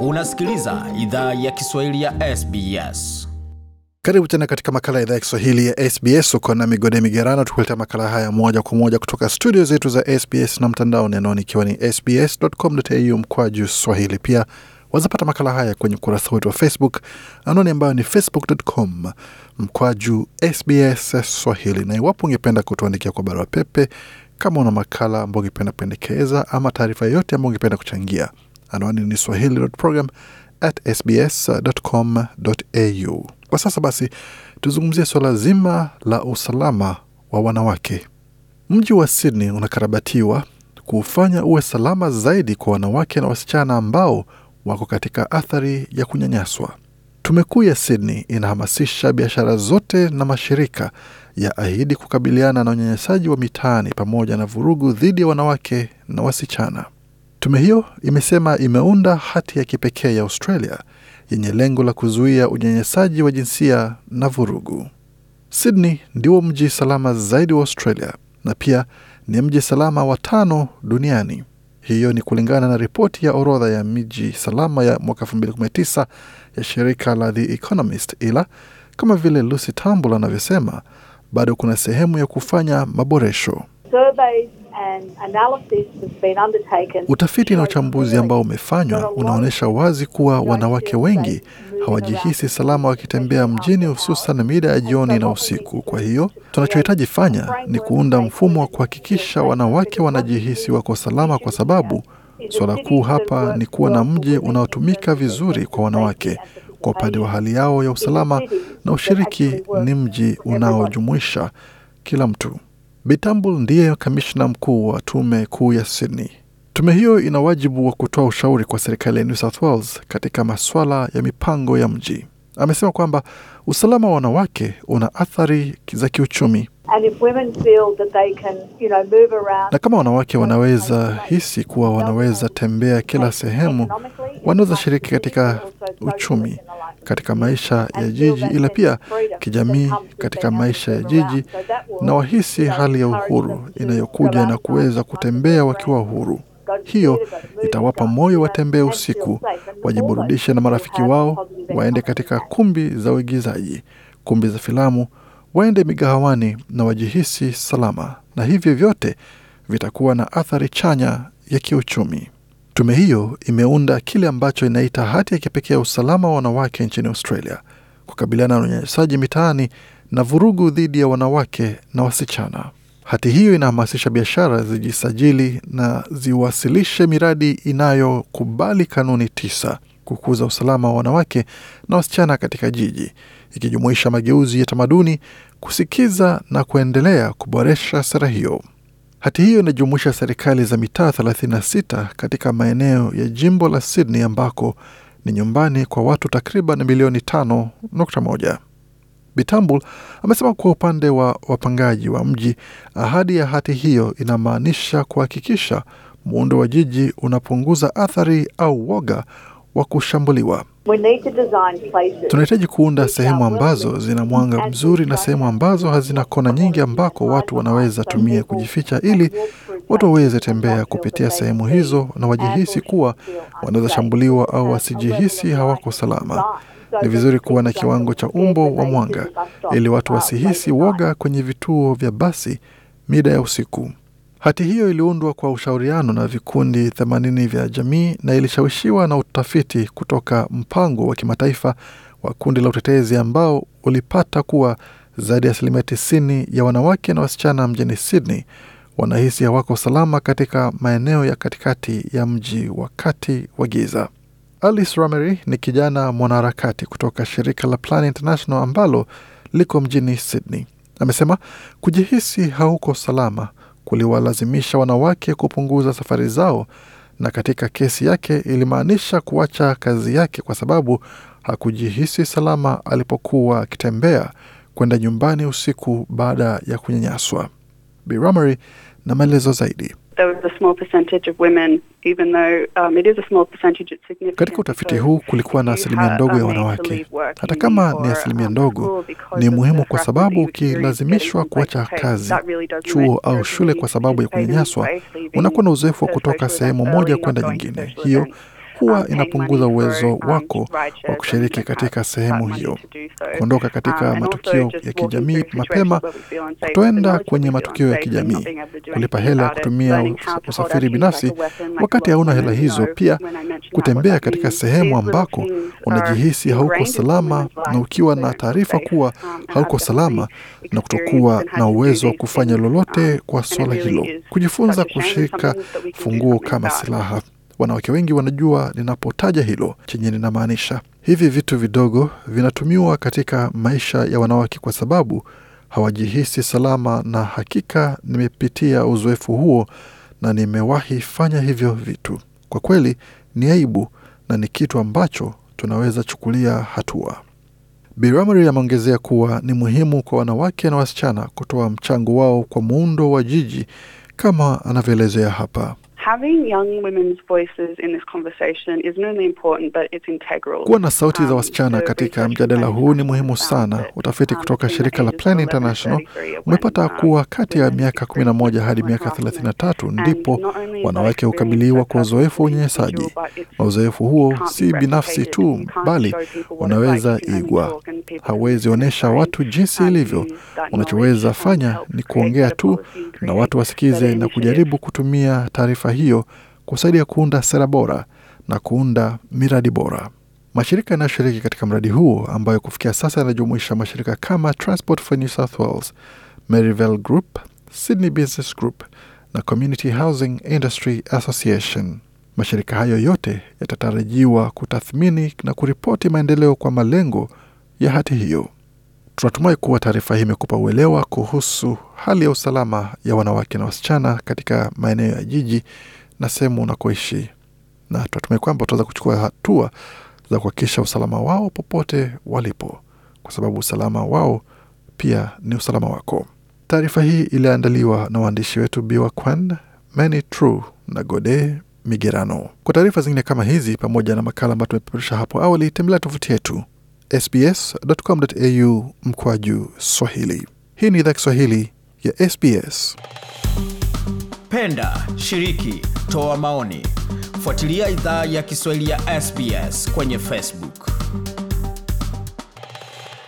Unasikiliza idhaa ya Kiswahili ya SBS. Karibu tena katika makala ya idhaa ya Kiswahili ya SBS. Uko na Migode Migerano tukuletea makala haya moja kwa moja kutoka studio zetu za SBS na mtandaoni nenooni ikiwa ni sbs.com.au mkwaju swahili. Pia wazapata makala haya kwenye ukurasa wetu wa Facebook anwani ambayo ni facebook.com mkwaju SBS Swahili. Na iwapo ungependa kutuandikia kwa barua pepe, kama una makala ambao ungependa kupendekeza ama taarifa yoyote ambao ungependa kuchangia Anwani ni swahili.program at sbs.com.au. Kwa sasa basi, tuzungumzie suala zima la usalama wa wanawake. Mji wa Sydney unakarabatiwa kufanya uwe salama zaidi kwa wanawake na wasichana ambao wako katika athari ya kunyanyaswa. Tume kuu ya Sydney inahamasisha biashara zote na mashirika ya ahidi kukabiliana na unyanyasaji wa mitaani pamoja na vurugu dhidi ya wanawake na wasichana. Tume hiyo imesema imeunda hati ya kipekee ya Australia yenye lengo la kuzuia unyanyasaji wa jinsia na vurugu. Sydney ndiwo mji salama zaidi wa Australia na pia ni mji salama wa tano duniani. Hiyo ni kulingana na ripoti ya orodha ya miji salama ya mwaka 2019 ya shirika la The Economist. Ila kama vile Lucy Tambul anavyosema, bado kuna sehemu ya kufanya maboresho. Utafiti na uchambuzi ambao umefanywa unaonyesha wazi kuwa wanawake wengi hawajihisi salama wakitembea mjini, hususan mida ya jioni na usiku. Kwa hiyo tunachohitaji fanya ni kuunda mfumo wa kuhakikisha wanawake wanajihisi wako salama, kwa sababu suala kuu hapa ni kuwa na mji unaotumika vizuri kwa wanawake kwa upande wa hali yao ya usalama na ushiriki. Ni mji unaojumuisha kila mtu. Bitambul ndiye kamishna mkuu wa tume kuu ya Sydney. Tume hiyo ina wajibu wa kutoa ushauri kwa serikali ya New South Wales katika masuala ya mipango ya mji. Amesema kwamba usalama wa wanawake una athari za kiuchumi na kama wanawake wanaweza hisi kuwa wanaweza tembea kila sehemu, wanaweza shiriki katika uchumi katika maisha ya jiji, ila pia kijamii katika maisha ya jiji, na wahisi hali ya uhuru inayokuja na kuweza kutembea wakiwa huru. Hiyo itawapa moyo watembee usiku, wajiburudishe na marafiki wao, waende katika kumbi za uigizaji, kumbi za filamu, waende migahawani na wajihisi salama, na hivyo vyote vitakuwa na athari chanya ya kiuchumi. Tume hiyo imeunda kile ambacho inaita hati ya kipekee ya usalama wa wanawake nchini Australia kukabiliana na unyanyasaji mitaani na vurugu dhidi ya wanawake na wasichana. Hati hiyo inahamasisha biashara zijisajili na ziwasilishe miradi inayokubali kanuni tisa kukuza usalama wa wanawake na wasichana katika jiji, ikijumuisha mageuzi ya tamaduni, kusikiza na kuendelea kuboresha sera hiyo. Hati hiyo inajumuisha serikali za mitaa 36 katika maeneo ya jimbo la Sydney ambako ni nyumbani kwa watu takriban milioni 5.1. Bitambul amesema kwa upande wa wapangaji wa mji, ahadi ya hati hiyo inamaanisha kuhakikisha muundo wa jiji unapunguza athari au woga wa kushambuliwa. Tunahitaji kuunda sehemu ambazo zina mwanga mzuri na sehemu ambazo hazina kona nyingi ambako watu wanaweza tumia kujificha ili watu waweze tembea kupitia sehemu hizo na wajihisi kuwa wanaweza shambuliwa au wasijihisi hawako salama. Ni vizuri kuwa na kiwango cha umbo wa mwanga ili watu wasihisi woga kwenye vituo vya basi mida ya usiku. Hati hiyo iliundwa kwa ushauriano na vikundi 80 vya jamii na ilishawishiwa na utafiti kutoka mpango wa kimataifa wa kundi la utetezi ambao ulipata kuwa zaidi ya asilimia 90 ya wanawake na wasichana mjini Sydney wanahisi hawako salama katika maeneo ya katikati ya mji wakati wa giza. Alice Ramery ni kijana mwanaharakati kutoka shirika la Plan International ambalo liko mjini Sydney. Amesema kujihisi hauko salama kuliwalazimisha wanawake kupunguza safari zao, na katika kesi yake ilimaanisha kuacha kazi yake kwa sababu hakujihisi salama alipokuwa akitembea kwenda nyumbani usiku baada ya kunyanyaswa. Biramari na maelezo zaidi. Um, Katika utafiti huu kulikuwa na asilimia ndogo ya um, wanawake. Hata kama ni asilimia um, ndogo, ni muhimu kwa sababu ukilazimishwa kuacha kazi, chuo au shule kwa sababu ya kunyanyaswa, unakuwa na uzoefu wa kutoka sehemu moja kwenda nyingine. Hiyo huwa um, inapunguza uwezo um, wako wa kushiriki katika sehemu hiyo, kuondoka katika um, matukio ya kijamii mapema, kutoenda kwenye matukio ya kijamii, kulipa hela, ya kutumia usafiri binafsi wakati hauna hela hizo, pia kutembea katika sehemu ambako unajihisi hauko salama na ukiwa na taarifa kuwa hauko salama na kutokuwa na uwezo wa kufanya lolote kwa swala hilo, kujifunza kushika funguo kama silaha Wanawake wengi wanajua ninapotaja hilo chenye ninamaanisha. Hivi vitu vidogo vinatumiwa katika maisha ya wanawake kwa sababu hawajihisi salama, na hakika nimepitia uzoefu huo na nimewahi fanya hivyo vitu. Kwa kweli ni aibu na ni kitu ambacho tunaweza chukulia hatua. Biramari ameongezea kuwa ni muhimu kwa wanawake na wasichana kutoa mchango wao kwa muundo wa jiji kama anavyoelezea hapa having young women's voices in this conversation is not only important but it's integral. Kuwa na sauti za um, wasichana katika mjadala huu ni muhimu sana. Um, Utafiti kutoka shirika la Plan International umepata uh, kuwa kati ya miaka 11 hadi miaka 33 ndipo wanawake hukabiliwa kwa uzoefu wa unyanyasaji, na uzoefu huo si binafsi tu, bali unaweza igwa. Hawezi onyesha watu jinsi ilivyo. Unachoweza fanya ni kuongea tu na watu wasikize na kujaribu kutumia taarifa hiyo kusaidia kuunda sera bora na kuunda miradi bora. Mashirika yanayoshiriki katika mradi huu ambayo kufikia sasa yanajumuisha mashirika kama Transport for New South Wales, Group, Sydney Business Group na Community Housing Industry Association. Mashirika hayo yote yatatarajiwa kutathmini na kuripoti maendeleo kwa malengo ya hati hiyo. Tunatumai kuwa taarifa hii imekupa uelewa kuhusu hali ya usalama ya wanawake na wasichana katika maeneo ya jiji na sehemu unakoishi, na tunatumai kwamba utaweza kuchukua hatua za kuhakikisha usalama wao popote walipo, kwa sababu usalama wao pia ni usalama wako. Taarifa hii iliandaliwa na waandishi wetu Biwa Kwan, Many True na Gode Migerano. Kwa taarifa zingine kama hizi pamoja na makala ambayo tumepeperusha hapo awali, tembelea tovuti yetu sbs.com.au mkwaju Swahili. Hii ni idhaa Kiswahili ya SBS. Penda, shiriki, toa maoni. Fuatilia idhaa ya Kiswahili ya SBS kwenye Facebook.